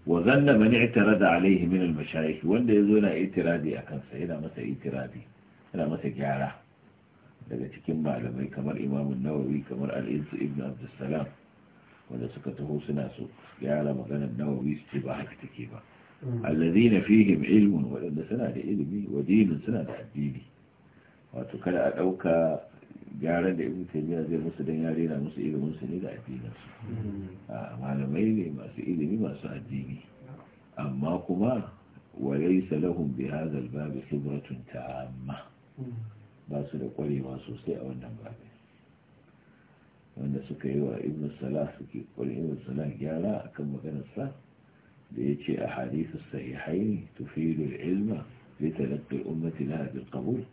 wa zanna man da alaihi min al-mashayikh wanda yazo na itiradi akan sa yana masa itiradi yana masa gyara daga cikin malamai kamar Imam nawawi kamar Al-Izz ibn Abdus Salam wanda suka taho suna so gyara maganar Nawawi su ce ba haka take ba alladhina fihim ilmun wadanda suna da ilimi wa dinun suna da addini wato kada a dauka gyaran da ibn taymiya zai musu dan ya rera musu ilimin su ne da addinin su hmm. ah, malamai ne masu ilimi masu addini amma kuma walai Salahun lahum bi hadha al khibratun hmm. ba su da kwarewa sosai a wannan babin wanda suka yi wa ibn salah suke kwari ibn salah gyara akan maganar sa da yace a hadithu sahihaini tufidu al-ilma li talaqqi ummati laha bil qabul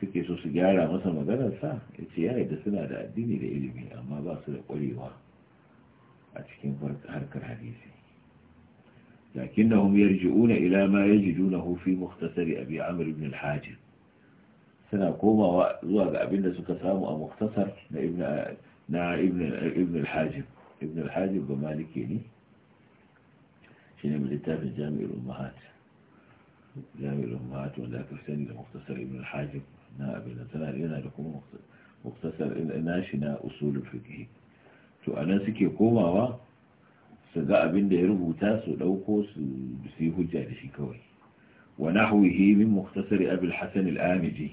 suke so su gyara masa maganarsa ya ce ya yadda suna da addini da ilimi amma ba su da ƙwarewa a cikin harkar hadisi lakinnahum yarji'una ila ma yajidunahu fi mukhtasari abi amr ibn al-hajib suna komawa zuwa ga abin da suka samu a mukhtasar na ibn na ibn ibn al-hajib ibn al-hajib ba maliki ne shine mai littafin jami'ul mahat jami'ul mahat wanda aka sani da mukhtasar ibn al-hajib نا بين تنال إنا لكم مقتصر إن ناشنا أصول الفقه تو أنا سكي كوما وا سجاء بين دهرو بوتاس ولو كوس بسيه جالش كوي ونحوه من مختصر أبي الحسن الآمدي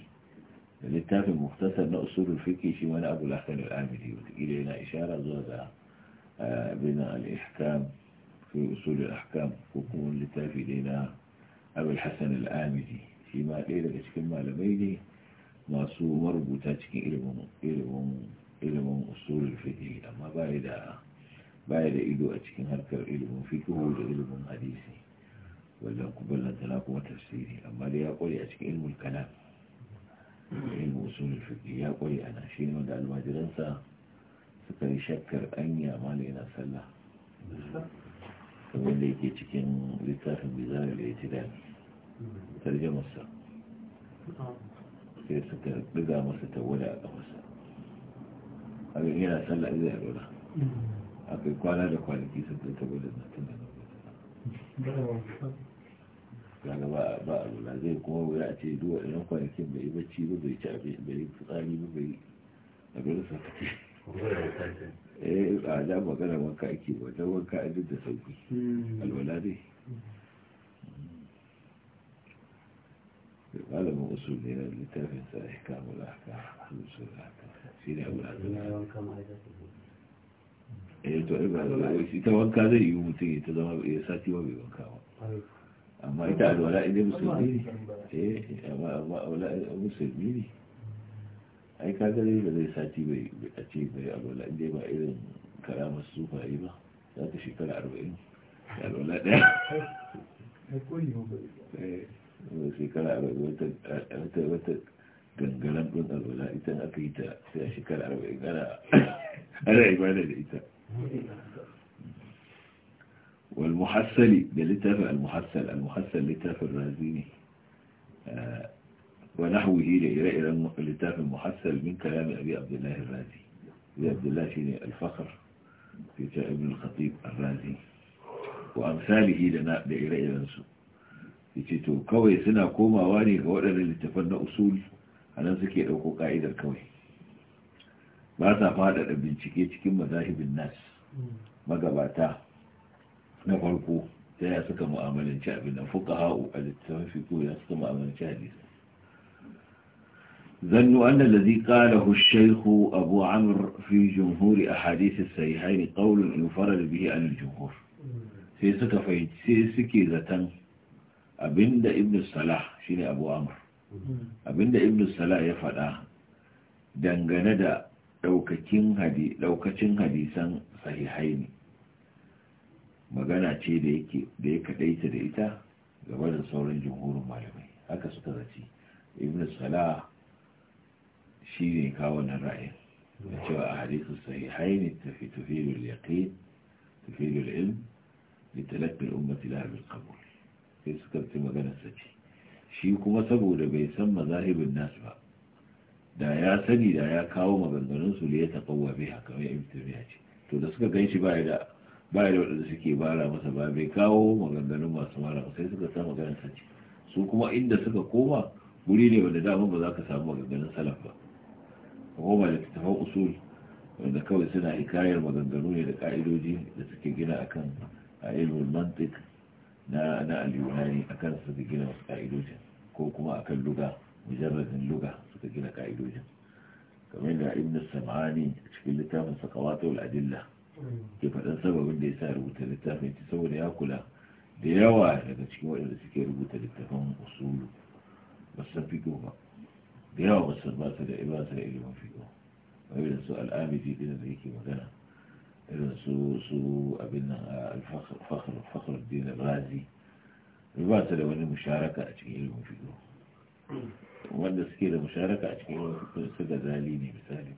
اللي يعني تافه مختصر نأصول الفقه شو أنا أبو الحسن الآمدي إلينا إشارة زوزة آه، بين الإحكام في أصول الأحكام كوكون لتافه لنا أبو الحسن الآمدي فيما ليلة إشكال ما لميلي masu marubuta cikin ilimin usulul fiqh amma baya da da ido a cikin harkar ilimin fiqh da ilimin hadisi wajen kuballan tana kuma tafsiri amma dai ya kware a cikin ilimin kalam ilimin usulul fiqh ya kware ana shi ne wanda almajiransa suka yi shakkar anya malai na sallah kamar da yake cikin littafin bizarre da ya ci dani sa. sai suka ɗiga masa tawada a ƙafarsa a ga yana sallah zai a kai kwana da kwanaki sun kai tawada na tun da na ba a rola zai kuma wuri a ce duwa ɗanen kwanakin bai yi bacci ba bai ci abin bai yi fitsari ba bai a rola sa ce eh a da magana wanka ake wajen wanka a duk da sauki hmm. alwala dai malamin usul yana da littafin sa ya kama da haka usul haka shi ne abu da ya eh, to ai ba da wai ta wanka zai yi mutum ya ta zama ya sati ba bai wanka ba amma ita alwala ne musulmi ne eh amma alwala musulmi ne ai ka ga dai da zai sati bai a ce bai alwala dai ba irin karamar sufa yi ba za ta shekara arba'in alwala ɗaya shekara arba'in wata wata gangaran ɗin alwala ita na aka yi ta sai a shekara arba'in والمحسل للتاف المحسل المحسل لتاف الرازيني آه، ونحوه لإلى إلى لتاف المحسل من كلام أبي عبد الله الرازي أبي عبد الله شيني الفخر في ابن الخطيب الرازي وأمثاله لنا لإلى إلى to kawai suna komawa ne ga waɗannan littafan na usul a nan suke ɗauko ƙa'idar kawai ba ta faɗaɗa bincike cikin mazahibin nas magabata na farko ta ya suka mu'amalanci abin nan fuka ha'u a littafin fiko ya suka Abu hadisi fi أن a قاله sai أبو ƙaunin in fara da الصحيحين قول ينفرد sai suka fahimci sai suke zaton. abinda ibn salah shine abu amr abinda ibn salah ya faɗa dangane da ɗaukacin hadisan sahihai magana ce da yake ya kaɗaita da ita gaba da sauran jumhurin malamai haka suka zaci ibn salah shi ne kawo ra'ayin da cewa a hadisun sahihai ne tafi tufilul yaqin tufilul ilm لتلقي الأمة لها بالقبول sai suka fi magana sace shi kuma saboda bai san mazahibin nasu ba da ya sani da ya kawo maganganun su ne ya haka biha kamar ibn ya ce to da suka shi ba da ba da wadanda suke bara masa ba bai kawo maganganun masu mara ba sai suka sa magana saci su kuma inda suka koma guri ne wanda dama ba za ka samu maganganun salaf ba koma da tafan usul wanda kawai suna ikayar maganganu ne da ka'idoji da suke gina akan a ilmin mantik na na al akan suka gina wasu ka'idojin ko kuma akan luga mujarradin luga suka gina ka'idojin kamar da ibn sam'ani a cikin littafin sakawatul adilla ke faɗin sababin da ya sa rubuta littafin ci saboda ya kula da yawa daga cikin waɗanda suke rubuta littafin usulu ba san fito ba da yawa ba su ba su da ilimin fito wani da su al'amidi ɗin da yake magana irin su su abin nan alfakhar dina razi ba su da wani musharaka a cikin ilimin fito wanda suke da musharaka a cikin ilimin fito su ga zali ne misali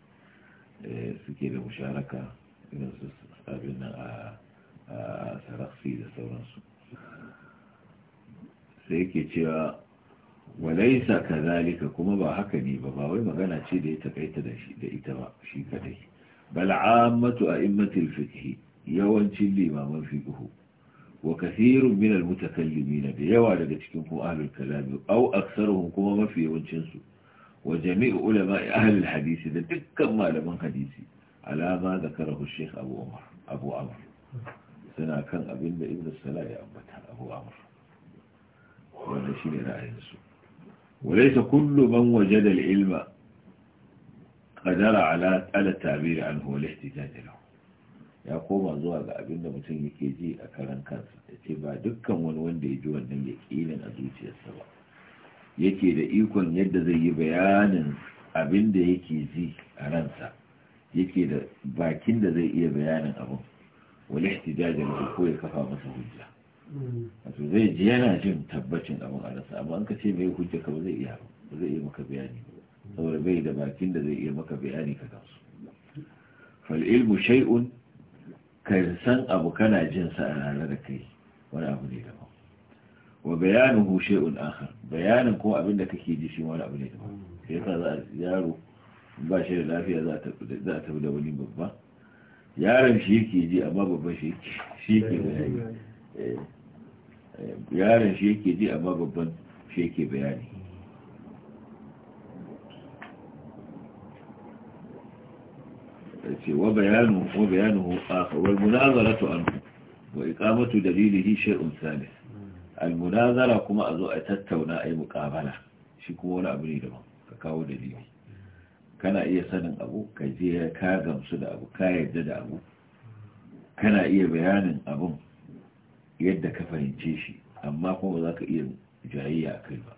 eh, suke da musharaka irin su abin nan a saraksi da sauransu sai ke cewa walaisa ka zalika kuma ba haka ne ba ba wai magana ce da ya takaita da ita ba shi kadai بل عامة أئمة الفقه من في الفقه وكثير من المتكلمين بيوا لكتكم أهل الكلام أو أكثرهم كما ما في يوانشنس وجميع علماء أهل الحديث إذا تكا ما لمن حديثي على ما ذكره الشيخ أبو عمر أبو عمر سنة كان أبن ابن السلاء أمتها أبو عمر رأيه وليس كل من وجد العلم قدر على على tabiri عنه huwa له ya koma zuwa ga abinda mutum yake ji a karan kansa ta ce ba dukkan wani wanda ya ji wannan yaƙinin a zuciyarsa ba yake da ikon yadda zai yi bayanin abin yake ji a ransa yake da bakin da zai iya bayanin abin wani ihtijajin da ko ya kafa masa hujja wato zai ji yana jin tabbacin abin a ransa amma an ka ce mai hujja ka ba zai iya ba zai iya maka bayani ba saboda bai da bakin da zai iya maka bayani ka kansu fal ilmu shay'un ka san abu kana jin sa a rana da kai wani abu ne daban wa bayanuhu shay'un akhar bayanin ko abin da kake ji shi wani abu ne daban sai yasa za yaro ba shi da lafiya za ta za ta da wani babba yaron shi yake ji amma babban shi shi yake bayani eh, eh, yaron shi yake ji amma babban shi yake bayani ce wa bayanu wal munazaratu anhu wa iqamatu dalilihi shay'un salis al munazara kuma a zo a tattauna ai muqabala shi kuma wani abu ne daban ka kawo dalili kana iya sanin abu ka je ka gamsu da abu ka yarda da abu kana iya bayanin abun yadda ka fahimce shi amma kuma za ka iya jayayya a kai ba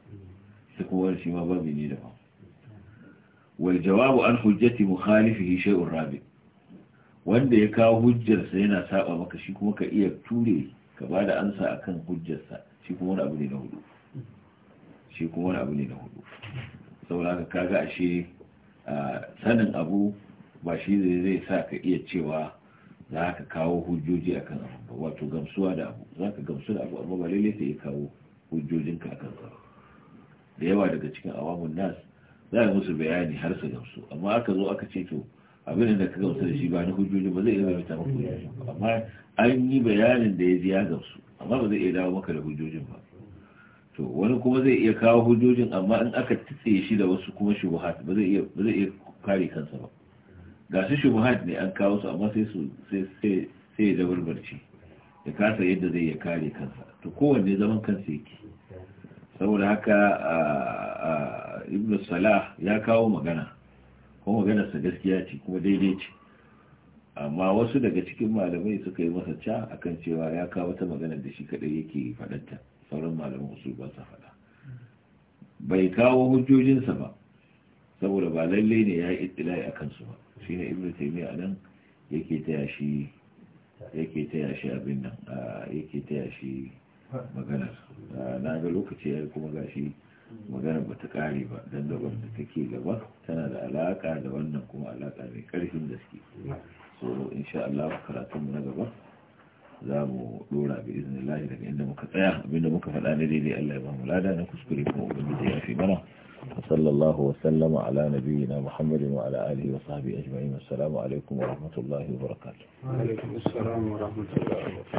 sai kuma wani shi ma babu ne daban wal jawabu an hujjati mukhalifihi shay'un rabi wanda ya kawo hujjarsa yana saba maka shi kuma ka iya ture ka ba da ansa akan hujjarsa shi kuma wani abu ne na hudu shi kuma wani abu ne na hudu saboda ka kaga ashe sanin abu ba shi zai sa ka iya cewa za ka kawo hujjoji akan abu wato gamsuwa da abu za ka gamsu da abu amma ba lalle sai ya kawo hujjojinka kan sa da yawa daga cikin awamun nas za a musu bayani har su gamsu amma aka zo aka ce to abin da ka gamsu da shi ba na hujjoji ba zai iya rubuta maka hujjoji amma an yi bayanin da ya ji ya gamsu amma ba zai iya dawo maka da hujjojin ba to wani kuma zai iya kawo hujjojin amma in aka titse shi da wasu kuma shubuhat ba zai iya kare kansa ba ga su shubuhat ne an kawo su amma sai su sai sai sai ya barci ya kasa yadda zai iya kare kansa to kowanne zaman kansa yake saboda haka ibnu salah ya kawo magana kuma maganarsa gaskiya ce kuma daidai ce amma wasu daga cikin malamai suka yi masa ca akan cewa ya kawo ta magana da shi kadai yake faɗata sauran malamin wasu ba sa faɗa bai kawo hujjojinsa ba saboda ba lalle ne ya yi ittilai a kansu ba shi ne ibn a nan yake taya shi yake taya shi abin nan yake taya shi maganar na ga lokaci ya kuma gashi magana ba ta kare ba don da wanda take gaba tana da alaka da wannan kuma alaka mai karfin gaske so insha Allah mu na gaba za mu dora bi izinin lahi daga inda muka tsaya abinda muka faɗa na daidai Allah ya bamu lada na kuskure kuma ubangiji ya fi mana sallallahu wa sallama ala nabiyyina muhammadin wa ala alihi wa sahbihi ajma'in assalamu alaikum wa rahmatullahi wa barakatuh wa alaikum assalam wa rahmatullahi wa barakatuh